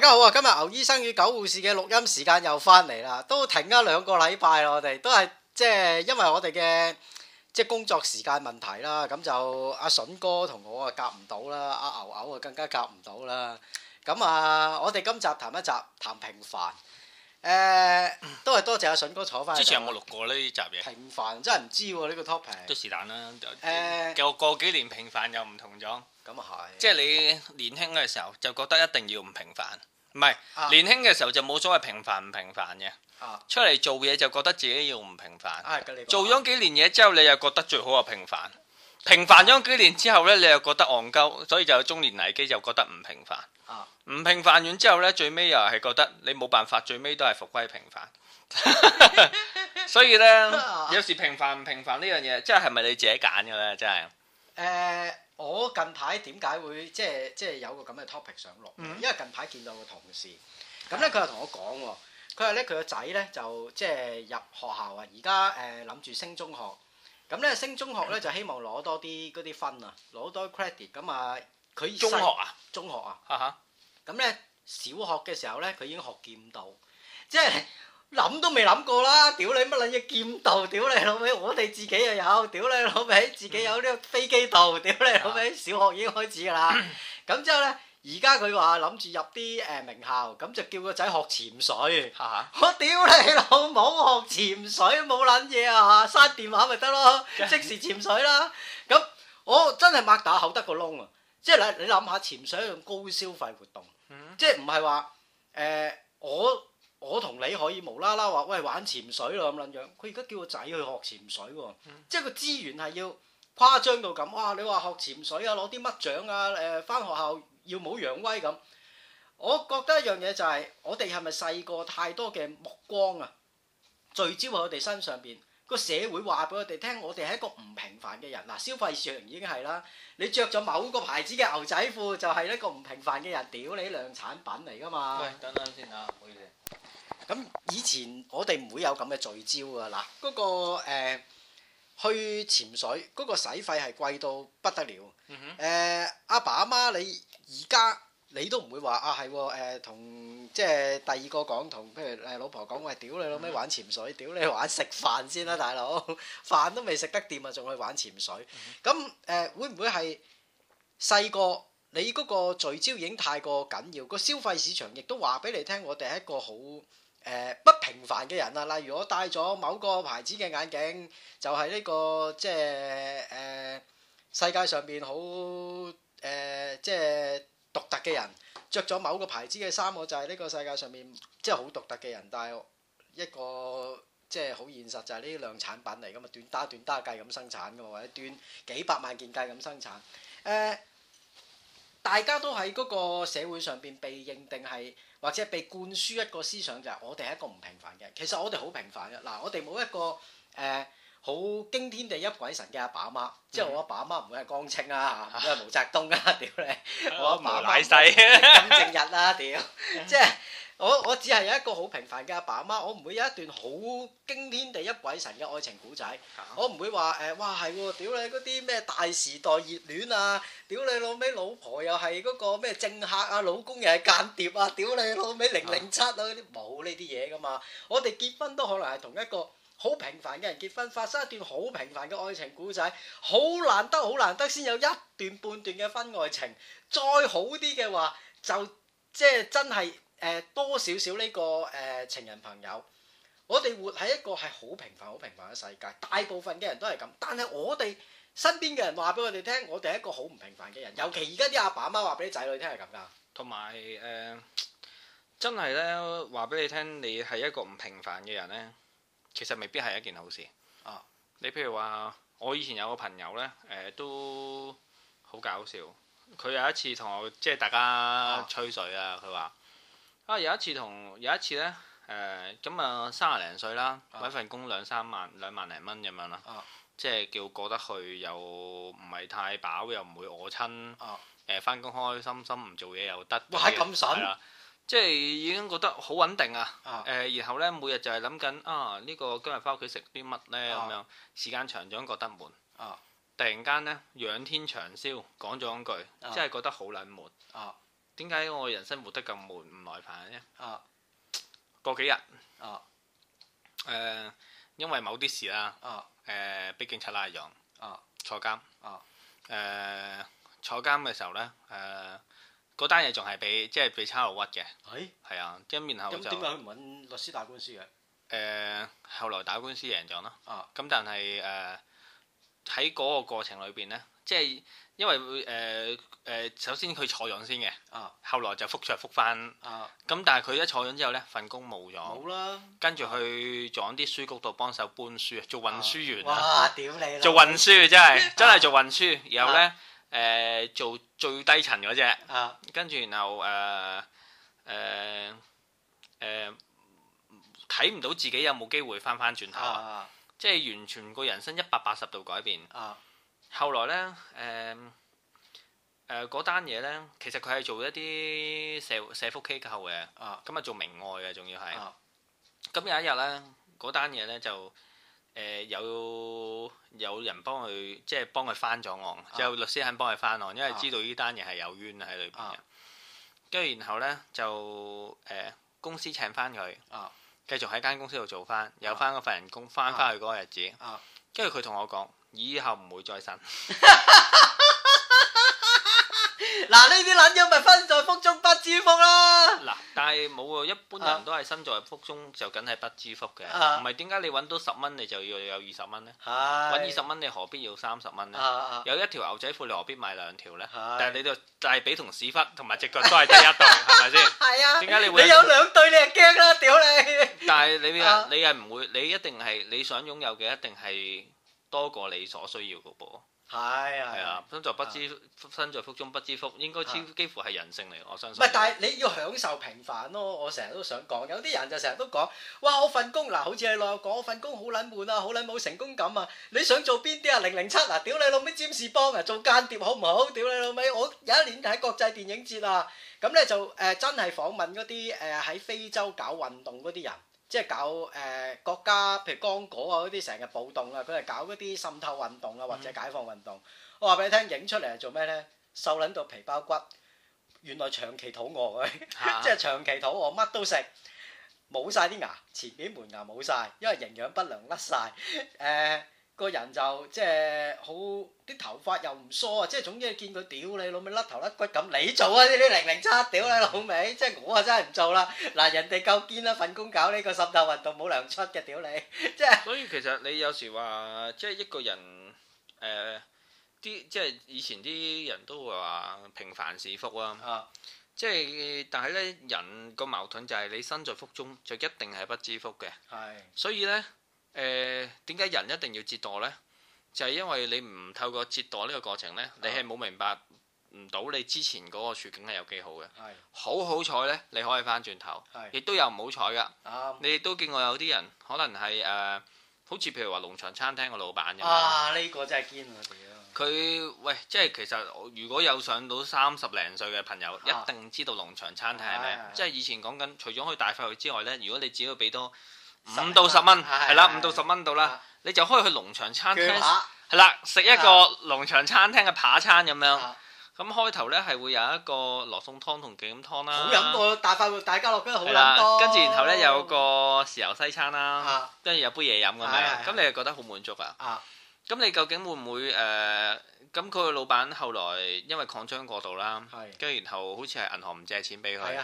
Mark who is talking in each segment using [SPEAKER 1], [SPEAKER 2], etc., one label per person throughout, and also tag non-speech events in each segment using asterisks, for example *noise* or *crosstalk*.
[SPEAKER 1] 大家好啊！今日牛醫生與狗護士嘅錄音時間又翻嚟啦，都停咗兩個禮拜啦。我哋都係即係，因為我哋嘅即係工作時間問題啦。咁就阿筍哥同我啊夾唔到啦，阿牛牛啊更加夾唔到啦。咁啊，我哋今集談一集談平凡。誒，嗯、都係多謝阿、啊、筍哥坐翻。之前有冇錄過呢集嘢？平凡真係唔知喎呢、啊呢個 topic。都係但啦。
[SPEAKER 2] 就、啊，又過幾，幾，幾年平凡又唔同咗。咁啊係。即係你年輕嘅時候就覺得一定要唔平凡，唔係、啊、年輕嘅時候就冇所謂平凡唔平凡嘅。啊、出嚟做嘢就覺得自己要唔平凡。啊、做咗幾年嘢之後，你又覺得最好就平凡。平凡咗幾年之後呢，你又覺得戇鳩，所以就有中年危機就覺得唔平凡。啊！唔平凡完之後咧，最尾又係覺得你冇辦法，最尾都係復歸平凡。 *laughs* 所以咧呢， *laughs* 有時平凡唔平凡呢樣嘢，即係係咪你自己揀嘅咧？即係。誒、
[SPEAKER 1] 呃，我近排點解會即係即係有個咁嘅 topic 上落？嗯、因為近排見到個同事，咁咧佢又同我講，佢話咧佢個仔咧就即係、就是、入學校啊，而家誒諗住升中學。咁咧升中學咧就希望攞多啲嗰啲分啊，攞多 credit。咁啊，佢中學啊，中學啊。咁咧，小學嘅時候咧，佢已經學劍道，即係諗都未諗過啦！屌你乜撚嘢劍道，屌你老味！我哋自己又有，屌你老味！自己有啲飛機道，屌你老味！小學已經開始噶啦。咁之後咧，而家佢話諗住入啲誒名校，咁就叫個仔學潛水。嚇！我屌你老母學潛水冇撚嘢啊！嚇，閂電話咪得咯，即時潛水啦。咁我真係擘大口得個窿啊！即係你你諗下潛水一種高消費活動，嗯、即係唔係話誒我我同你可以無啦啦話喂，玩潛水咯咁撚樣，佢而家叫個仔去學潛水喎、啊，即係個資源係要誇張到咁啊？你話學潛水啊，攞啲乜獎啊誒？返、呃、學校要冇揚威咁，我覺得一樣嘢就係、是、我哋係咪細個太多嘅目光啊聚焦喺我哋身上邊？個社會話俾我哋聽，我哋係一個唔平凡嘅人嗱。消費上已經係啦，你着咗某個牌子嘅牛仔褲，就係、係、一個唔平凡嘅人，屌你啲量產品嚟㗎嘛。喂，等等先啊，唔好意思。咁以前我哋唔會有咁嘅聚焦啊。嗱、那個，嗰、呃嗰個去潛水嗰個使費係貴到不得了。嗯、哼。誒、呃，阿爸阿媽，你而家？你都唔會話啊，係喎，誒，同即係第二個講，同譬如誒老婆講，喂屌你老咩玩潛水，屌你、嗯、玩食飯先啦、啊、大佬飯都未食得掂啊，仲去玩潛水。咁誒、嗯呃、會唔會係細個你嗰個聚焦已經太過緊要，個消費市場亦都話俾你聽我哋係一個好誒、呃、不平凡嘅人啊，例如我戴咗某個牌子嘅眼鏡就係、係、呢、呢個即係誒世界上面好誒即係。獨特嘅人着咗某個牌子嘅衫，我就係、是、呢個世界上面即係好獨特嘅人。但係一個即係好現實，就係呢啲量產品嚟㗎嘛，短打短打計咁生產㗎喎，或者短幾百萬件計咁生產。誒、呃，大家都喺嗰個社會上邊被認定係或者被灌輸一個思想，就係我哋係一個唔平凡嘅。其實我哋好平凡嘅。嗱，我哋冇一個誒。呃好驚天地一鬼神嘅阿爸阿媽，即係我阿爸阿媽唔會係江青啊，唔係 *laughs* 毛澤東啊，屌 *laughs* 你，我阿嫲奶細，金正日啦，屌！即係我我只係有一個好平凡嘅阿爸阿媽，我唔會有一段好驚天地一鬼神嘅愛情故仔， *laughs* 我唔會話誒，哇係喎，屌你嗰啲咩大時代熱戀啊，屌你老味老婆又係嗰個咩政客啊，老公又係間諜啊，屌你老味零零七啊嗰啲，冇呢啲嘢噶嘛。我哋結婚都可能係同一個。好平凡嘅人結婚，發生一段好平凡嘅愛情故仔，好難得好難得先有一段半段嘅婚外情。再好啲嘅話，就即係真係誒、呃、多少少呢個誒、呃、情人朋友。我哋活喺一個係好平凡、好平凡嘅世界，大部分嘅人都係咁。但係我哋身邊嘅人話俾我哋聽，我哋係一個好唔平凡嘅人。尤其而家啲阿爸阿媽話俾仔女聽係咁㗎。
[SPEAKER 2] 同埋誒，真係咧話俾你聽，你係一個唔平凡嘅人咧。其實未必係一件好事。啊、你譬如話，我以前有個朋友呢，誒、呃、都好搞笑。佢有一次同我，即係大家吹水啊。佢話：啊有一次同有一次呢，誒、呃、咁啊三廿零歲啦，揾份工兩三萬兩萬零蚊咁樣啦。啊、即係叫過得去，又唔係太飽，又唔會餓親。誒、呃，翻工開開心心，唔做嘢又得。哇！咁神呀。即係已經覺得好穩定啊！誒、啊呃，然後呢，每日就係諗緊啊，呢、這個今日翻屋企食啲乜呢？咁、啊、樣。時間長咗覺得悶。啊、突然間呢，仰天長嘯講咗句，啊、真係覺得好冷悶。點解、啊、我人生活得咁悶唔耐煩呢？啊、過幾日誒、啊呃，因為某啲事啦誒，俾警察拉咗坐監誒。坐監嘅時候呢。誒、呃。呃呃嗰單嘢仲係俾即係俾差佬屈嘅，係啊、欸，咁然後就咁點解佢唔揾
[SPEAKER 1] 律師打官司
[SPEAKER 2] 嘅？誒、呃，後來打官司贏咗咯。啊，咁但係誒喺嗰個過程裏邊咧，即係因為誒誒、呃呃，首先佢坐咗先嘅，啊，後來就復着復翻，啊，咁但係佢一坐咗之後咧，份工冇咗，冇啦，跟住去咗啲書局度幫手搬書，運書啊，做運輸員啊，哇！
[SPEAKER 1] 屌你，做運輸真係
[SPEAKER 2] 真係做運輸，然後咧。誒、呃、做最低層嗰隻，跟住、啊、然後誒誒誒睇唔到自己有冇機會返返轉頭，啊、即係完全個人生一百八十度改變。啊、後來咧，誒誒嗰單嘢呢，其實佢係做一啲社社福機構嘅，咁啊做明愛嘅，仲要係。咁、啊、有一日呢，嗰單嘢呢，就。誒、呃、有有人幫佢，即係幫佢翻咗案，就、uh, 律師肯幫佢翻案，因為知道呢單嘢係有冤喺裏邊。跟住、uh, 然後呢，就誒、呃、公司請翻佢，uh, 繼續喺間公司度做翻，uh, 有翻嗰份人工，翻翻去嗰個日子。Uh, uh, 跟住佢同我講：以後唔會再生。 *laughs* 」 *laughs*
[SPEAKER 1] 嗱呢啲撚嘢咪身在福中不知福啦！
[SPEAKER 2] 嗱，但係冇喎，一般人都係身在福中就梗係不知福嘅，唔係點解你揾到十蚊你就要有二十蚊呢？揾二十蚊你何必要三十蚊呢？有一條牛仔褲你何必買兩條呢？但係你就但係俾同屎忽同埋隻腳都係得一對，係咪先？係啊，點解你會？你有兩
[SPEAKER 1] 對你係驚啦，屌你！
[SPEAKER 2] 但係你係你係唔會，你一定係你想擁有嘅一定係多過你所需要嘅噃。
[SPEAKER 1] 係啊係啊，哎、
[SPEAKER 2] 身在不知、啊、身在福中不知福，應該超幾乎係人性嚟，啊、我相信。唔係，但
[SPEAKER 1] 係你要享受平凡咯。我成日都想講，有啲人就成日都講哇，我份工嗱，好似你老友講，我份工好撚悶啊，好撚冇成功感啊。你想做邊啲啊？零零七啊，屌你老味，占士邦啊，做間諜好唔好？屌你老味，我有一年喺國際電影節啊，咁咧就誒、呃、真係訪問嗰啲誒喺非洲搞運動嗰啲人。即係搞誒國家，譬如剛果啊嗰啲成日暴動啊，佢係搞嗰啲滲透運動啊，或者解放運動。我話俾你聽，影出嚟係做咩咧？瘦撚到皮包骨，原來長期肚餓嘅，即係長期肚餓，乜都食，冇晒啲牙，前面門牙冇晒，因為營養不良甩晒誒。個人就即係好啲頭髮又唔梳啊！即係總之見佢屌你老味甩頭甩骨咁，你做啊呢啲零零七屌你老味！即係我啊真係唔做啦。嗱，人哋夠堅啦，份工搞呢個滲透運動冇糧出嘅屌你！即係
[SPEAKER 2] 所以其實你有時話即係一個人誒啲即係以前啲人都會話平凡是福啦。啊！即係但係咧人個矛盾就係你身在福中就一定係不知福嘅。係。所以咧。誒點解人一定要折墮呢？就係因為你唔透過折墮呢個過程呢，你係冇明白唔到你之前嗰個處境係有幾好嘅。好好彩呢，你可以翻轉頭。亦都有唔好彩㗎。你都見過有啲人可能係誒，好似譬如話農場餐廳個老闆咁啊！
[SPEAKER 1] 呢個真係堅啊！
[SPEAKER 2] 佢喂，即係其實如果有上到三十零歲嘅朋友，一定知道農場餐廳係咩。即係以前講緊，除咗可以大發財之外呢，如果你只要俾多，五到十蚊，係啦，五到十蚊到啦，的你就可以去農場餐廳，係啦薄，食一個農場餐廳嘅扒餐咁的樣。咁開頭呢係會有一個羅宋湯同忌廉湯啦，過好飲多，
[SPEAKER 1] 大快活大家樂跟係好飲跟住然後呢，有
[SPEAKER 2] 個豉油西餐啦，跟住的有杯嘢飲咁樣，咁的你係覺得好滿足啊？咁你究竟會唔會誒？咁佢個老闆後來因為擴張過度啦，跟住然後好似係銀行唔借錢俾佢，然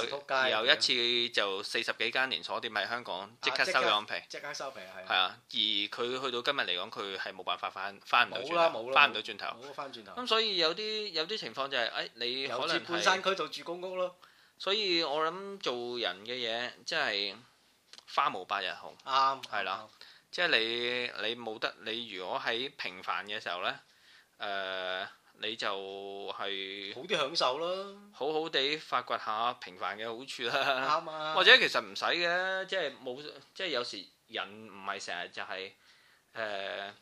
[SPEAKER 2] 後然後一次就四十幾間連鎖店喺香港即刻收兩皮，即
[SPEAKER 1] 刻收皮係，係啊。
[SPEAKER 2] 而佢去到今日嚟講，佢係冇辦法翻翻唔到轉，翻唔到轉頭，冇翻轉頭。咁所以有啲有啲情況就係誒，你可能喺半山區
[SPEAKER 1] 度住公屋咯。所以
[SPEAKER 2] 我諗做人嘅嘢即係花無百日紅，啱，係啦。即係你你冇得你如果喺平凡嘅時候呢，誒、呃、你就係好啲享受啦，好好地發掘下平凡嘅好處啦。或者其實唔使嘅，即係冇，即係有時人唔係成日就係、是、誒、呃，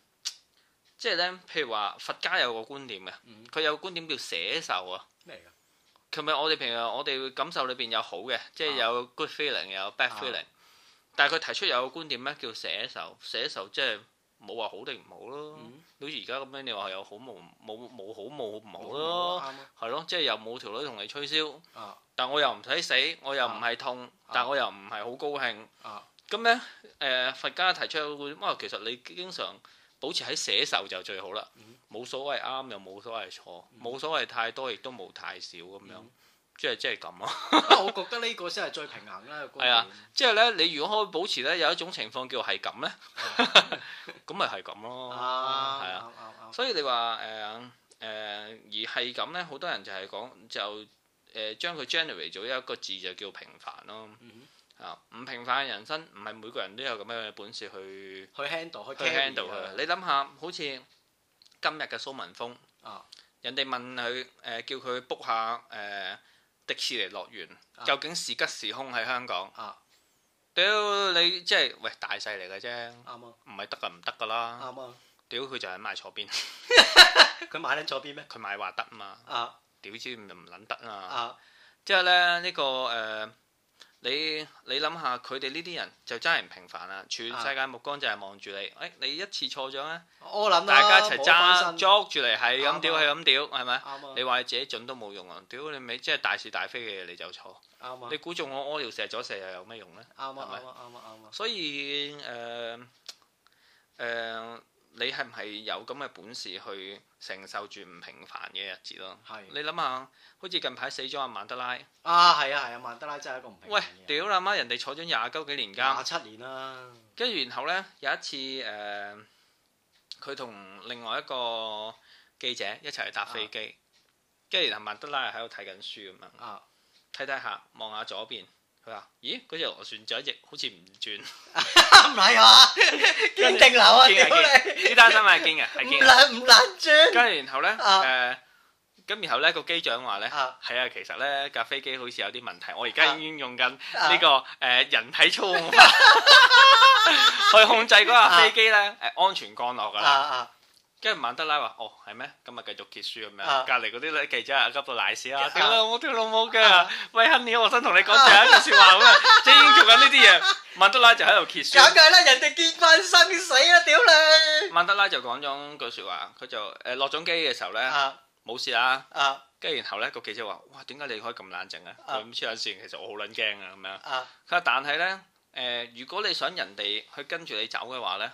[SPEAKER 2] 即係呢，譬如話佛家有個觀點嘅，佢有個觀點叫捨受啊。咩
[SPEAKER 1] 嚟㗎？
[SPEAKER 2] 佢咪我哋平日，我哋會感受裏邊有好嘅，即係有 good feeling，有 bad feeling。但係佢提出有個觀點咧，叫捨受，捨受即係冇話好定唔好咯。好似而家咁樣，你話有好冇冇冇好冇唔好咯，係咯好吧，即係又冇條女同你吹簫。啊、但我又唔使死，我又唔係痛，啊、但我又唔係好高興。咁咧、啊，誒、呃、佛家提出有個觀點，哇其實你經常保持喺捨受就最好啦，冇、嗯、所謂啱又冇所謂錯，冇所謂太多亦都冇太少咁樣。嗯。即係即係咁咯，
[SPEAKER 1] 我覺得呢個先係最平衡啦。
[SPEAKER 2] 係、這個、啊，即係咧，你如果可以保持咧，有一種情況叫係咁咧，咁咪係咁咯。係啊，啊啊啊所以你話誒誒而係咁咧，好多人就係講就誒將、呃、佢 generate 咗一個字就叫平凡咯。嗯、啊，唔平凡嘅人生唔係每個人都有咁嘅本事去去 handle 去 handle 佢。你諗下，好似今日嘅蘇文峰，啊，人哋問佢誒、呃呃、叫佢 book 下誒。呃迪士尼樂園究竟時吉時兇喺香港？啊，屌你即係喂，大勢嚟嘅啫，啱唔係得啊唔得噶啦，啱，屌佢就係買錯邊，佢 *laughs* 買喺左邊咩？佢買話得啊嘛，屌知唔唔撚得啊？即係咧呢，呢個誒。呃你你諗下，佢哋呢啲人就真係唔平凡啦！全世界目光就係望住你，誒、哎，你一次錯咗咧，
[SPEAKER 1] 我諗大家一齊爭，
[SPEAKER 2] 抓住嚟係咁屌，係咁屌，係咪吧？吧你啊！話你自己準都冇用啊！屌你咪即係大是大非嘅嘢，你就錯，啱吧你估中我屙尿射咗，射又有咩用呢？啱
[SPEAKER 1] 啊吧！啱啊吧！啱啱
[SPEAKER 2] 所以誒誒。呃呃呃你係唔係有咁嘅本事去承受住唔平凡嘅日子咯、啊？係是的 你諗下，好似近排死咗阿曼德拉啊，係
[SPEAKER 1] 啊係啊，曼德拉、啊、曼德拉真係一個唔
[SPEAKER 2] 平。喂屌啦媽！人哋坐咗廿鳩幾年監廿七年啦，跟住然後呢，有一次誒，佢、呃、同另外一個記者一齊去搭飛機，跟住阿曼德拉係喺度睇緊書咁樣，睇睇下望下左邊。佢話：咦，嗰隻螺旋狀一翼好似唔轉，唔係
[SPEAKER 1] 啊，堅定流啊，堅嘅，呢
[SPEAKER 2] 單新聞係堅嘅，唔難唔難轉。咁然後咧，誒，咁然後咧個機長話咧，係啊，其實咧架飛機好似有啲問題，我而家已經用緊呢、這個誒、 *laughs* 呃、人體操控 *laughs* 去控制嗰架飛機咧，誒 *laughs* *laughs* 安全降落㗎啦。 *laughs* 跟住曼德拉話：哦，係咩？今日繼續揭書咁樣，隔離嗰啲咧記者啊，急到瀨屎啦！屌你，我條老母㗎！喂，Honey，我想同你講第一句説話啦，即係做緊呢啲嘢。曼德拉就喺度揭書。
[SPEAKER 1] 梗係啦，人哋見慣生死啦！屌你！
[SPEAKER 2] 曼德拉就講咗句説話，佢就誒落咗機嘅時候咧，冇事啦。跟住然後咧，個記者話：哇，點解你可以咁冷靜啊？佢唔出聲，其實我好撚驚啊！咁樣。佢話：但係咧，誒，如果你想人哋去跟住你走嘅話咧，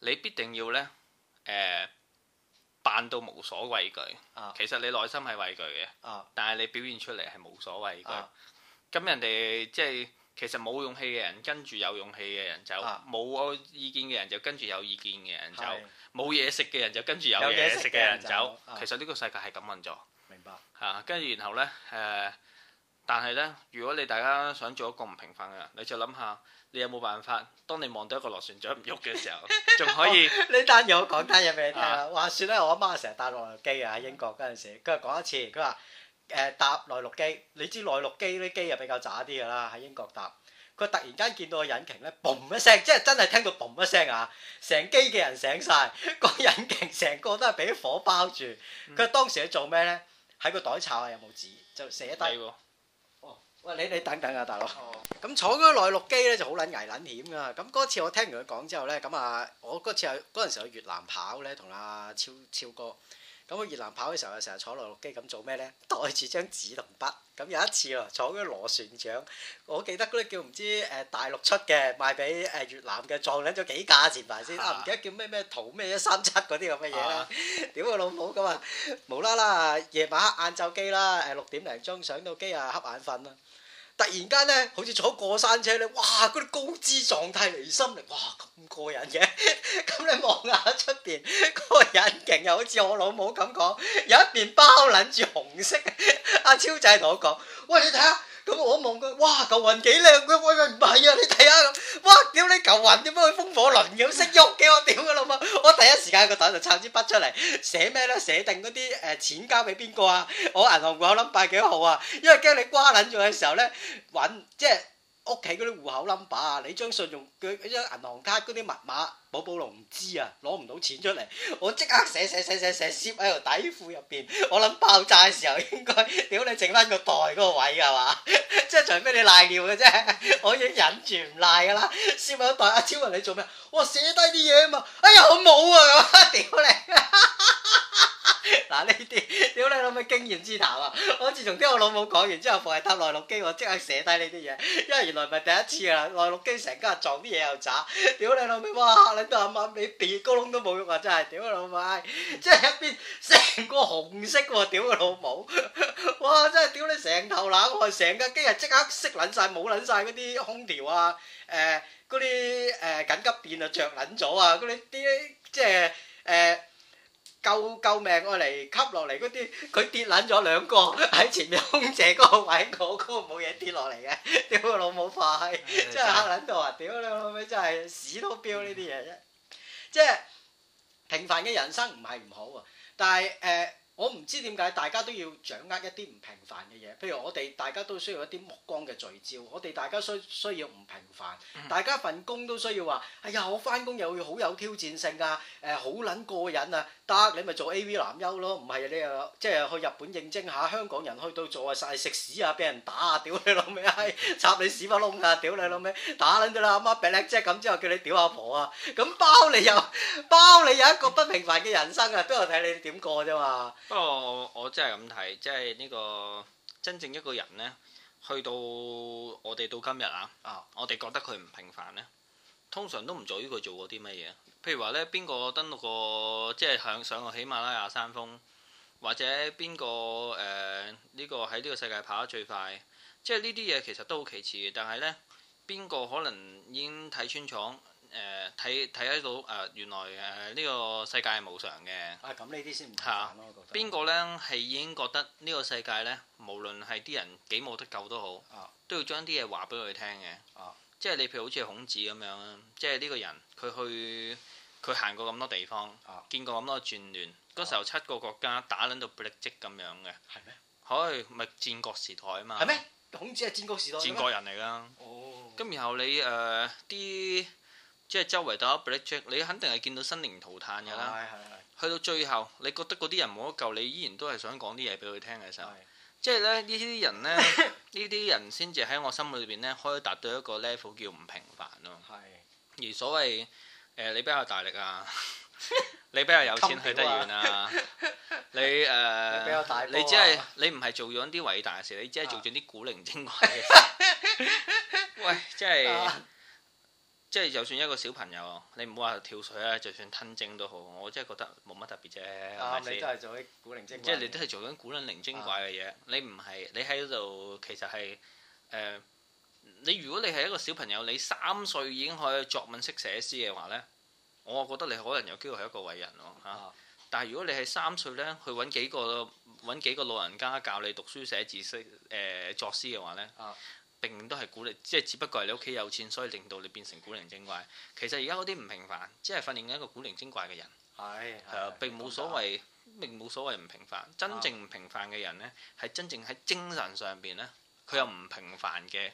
[SPEAKER 2] 你必定要咧。誒扮到無所畏懼，其實你內心係畏懼嘅，但係你表現出嚟係無所畏懼。咁人哋即係其實冇勇氣嘅人跟住有勇氣嘅人走，冇意見嘅人就跟住有意見嘅人走，冇嘢食嘅人就跟住有嘢食嘅人走。其實呢個世界係咁運作。明白。嚇，跟住然後呢誒，但係呢，如果你大家想做一個唔平凡嘅人，你就諗下。你有冇辦法？當你望到一個螺旋槳唔喐嘅時候，仲可以
[SPEAKER 1] 呢、 *laughs* 哦、單嘢我講單嘢俾你聽啦。啊、話説咧，我阿媽成日搭內陸機啊，喺英國嗰陣時，佢講一次，佢話誒搭內陸機，你知內陸機啲機又比較渣啲㗎啦，喺英國搭。佢突然間見到個引擎咧，嘣一聲，即係真係聽到嘣一聲啊！成機嘅人醒晒，個引擎成個都係俾火包住。佢當時喺做咩咧？喺個袋炒啊，有冇紙？就寫低。嗯嗯嗯嗯嗯嗯喂，你你等等啊，大佬。咁、哦、坐嗰個內陸機咧就好撚危撚險㗎、啊。咁嗰次我聽完佢講之後咧，咁啊，我嗰次去，嗰陣時去越南跑咧，同阿、啊、超超哥。咁我越南跑嘅時候，又成日坐落落駝機，咁做咩咧？袋住張紙同筆。咁有一次喎，坐嗰啲螺旋槳，我記得嗰啲叫唔知誒大陸出嘅賣俾誒越南嘅，撞撚咗幾架前排先啊！唔記得叫咩咩圖咩一三七嗰啲咁嘅嘢咧。屌我老母咁啊！無啦啦夜晚黑晏晝機啦，誒六點零鐘上到機啊，瞌眼瞓啦～突然間呢，好似坐過山車呢。哇！嗰啲高姿狀態離心力，哇咁過癮嘅，咁 *laughs* 你望下出邊個引擎又好似我老母咁講，有一邊包撚住紅色，阿、 *laughs* 啊、超仔同我講，喂，你睇下。咁我望佢，哇！球雲幾靚，我喂唔係啊！你睇下咁，哇！屌你球雲點解會風火輪咁識喐嘅？我屌佢老母！我第一時間個袋度拆支筆出嚟寫咩咧？寫定嗰啲誒錢交俾邊個啊？我銀行戶口 number 幾號啊？因為驚你瓜撚咗嘅時候咧揾即係。屋企嗰啲戶口 number 啊，你張信用佢一張銀行卡嗰啲密碼，寶寶龍唔知啊，攞唔到錢出嚟。我即刻寫寫寫寫寫，攝喺條底褲入邊。我諗爆炸嘅時候應該，屌你剩翻個袋嗰個位係嘛？即係除非你賴尿嘅啫，我已經忍住唔賴噶啦。攝埋袋阿超人你做咩？我寫低啲嘢啊嘛。哎呀，好冇啊，屌你！嗱呢啲，屌你老味經驗之談啊！我自從聽我老母講完之後，放喺塔內陸機，我即刻寫低呢啲嘢，因為原來唔係第一次啊！內陸機成家日撞啲嘢又渣，屌你老味！哇，你都阿媽你跌高窿都冇用啊！真係，屌你老味！即係一邊成個紅色喎，屌你老母！哇，真係屌你成頭冷汗，成架機啊即刻熄撚曬、冇撚曬嗰啲空調啊！誒嗰啲誒緊急電啊著撚咗啊！嗰啲啲即係誒。救救命我嚟吸落嚟嗰啲，佢跌撚咗兩個喺前面空姐嗰個位，我、那、嗰個冇嘢跌落嚟嘅，屌個老母化閪的，真係嚇撚到啊！屌你老味，真係屎都飆呢啲嘢啫，的即係平凡嘅人生唔係唔好喎，但係誒。呃我唔知點解大家都要掌握一啲唔平凡嘅嘢，譬如我哋大家都需要一啲目光嘅聚焦，我哋大家需需要唔平凡，大家份工都需要話，哎呀我返工又要好有挑戰性噶，誒好撚過癮啊，得、呃啊、你咪做 AV 男優咯，唔係你又即係去日本應徵下，香港人去到做啊曬食屎啊，俾人打啊，屌你老味閪，插你屎窟窿啊，屌你老味，打撚咗啦，媽病叻、呃、姐咁之後叫你屌阿婆啊，咁包你又包你有一個不平凡嘅人生啊，都係睇你點過啫嘛～
[SPEAKER 2] 不過我，我真即係咁睇，即係呢、呢個真正一個人呢，去到我哋到今日啊，哦、我哋覺得佢唔平凡呢，通常都唔在於佢做過啲乜嘢。譬如話呢，邊個登陸過，即係上上過喜馬拉雅山峰，或者邊、呃呢個誒呢個喺呢個世界跑得最快，即係呢啲嘢其實都好其次嘅。但係呢，邊個可能已經睇穿闖？誒睇睇到誒，原來誒呢個世界係無常嘅。啊，咁呢啲先唔同咯，我覺得。邊個咧係已經覺得呢個世界咧，無論係啲人幾冇得救都好，都要將啲嘢話俾佢聽嘅。啊，即係你譬如好似孔子咁樣啦，即係呢個人佢去佢行過咁多地方，見過咁多戰亂，嗰時候七個國家打撚到不亦樂乎咁樣嘅。係咩？係咪戰國時代啊嘛？係咩？孔子係戰國時代。戰國人嚟㗎。哦。咁然後你誒啲。即係周圍打 project 你肯定係見到生靈塗炭㗎啦。去到最後，你覺得嗰啲人冇得救，你依然都係想講啲嘢俾佢聽嘅時候。對即係咧，呢啲人呢，呢啲 *laughs* 人先至喺我心裏邊呢，可以達到一個 level 叫唔平凡咯。係。而所謂、呃、你比較大力啊，你比較有錢去得遠啊， *laughs* *laughs* 你誒、呃、比較大波、啊、你只係你唔係做咗啲偉大嘅事，你只係做咗啲古靈精怪嘅事。 *laughs* *laughs* 喂，即係。即係就算一個小朋友，你唔好話跳水啊，就算吞精都好，我真係覺得冇乜特別啫。嗯，即係、你都係做啲
[SPEAKER 1] 古靈精怪，即係你都係
[SPEAKER 2] 做緊古撚靈精怪嘅嘢、嗯。你唔係，你喺度其實係誒、呃。你如果你係一個小朋友，你三歲已經可以作文式寫詩嘅話咧，我覺得你可能有機會係一個偉人喎嚇。啊嗯、但係如果你係三歲咧，去揾幾個揾幾個老人家教你讀書寫字識誒、呃、作詩嘅話咧。嗯並都係古力，即係只不過係你屋企有錢，所以令到你變成古靈精怪。其實而家嗰啲唔平凡，只係訓練一個古靈精怪嘅人。
[SPEAKER 1] 係，係
[SPEAKER 2] 啊、呃。並冇所謂，得並冇所謂唔平凡。真正唔平凡嘅人呢，係真正喺精神上邊呢，佢有唔平凡嘅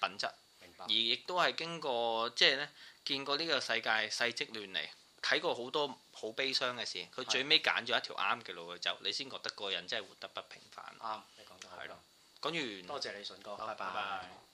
[SPEAKER 2] 品質。
[SPEAKER 1] 明
[SPEAKER 2] 白 而亦都係經過，即係呢，見過呢個世界世跡亂嚟，睇過好多好悲傷嘅事，佢最尾揀咗一條啱嘅路去走，你先覺得嗰個人真係活得不平凡。啱，你講得係咯。
[SPEAKER 1] 講完，多謝你，順哥，好拜拜。拜拜。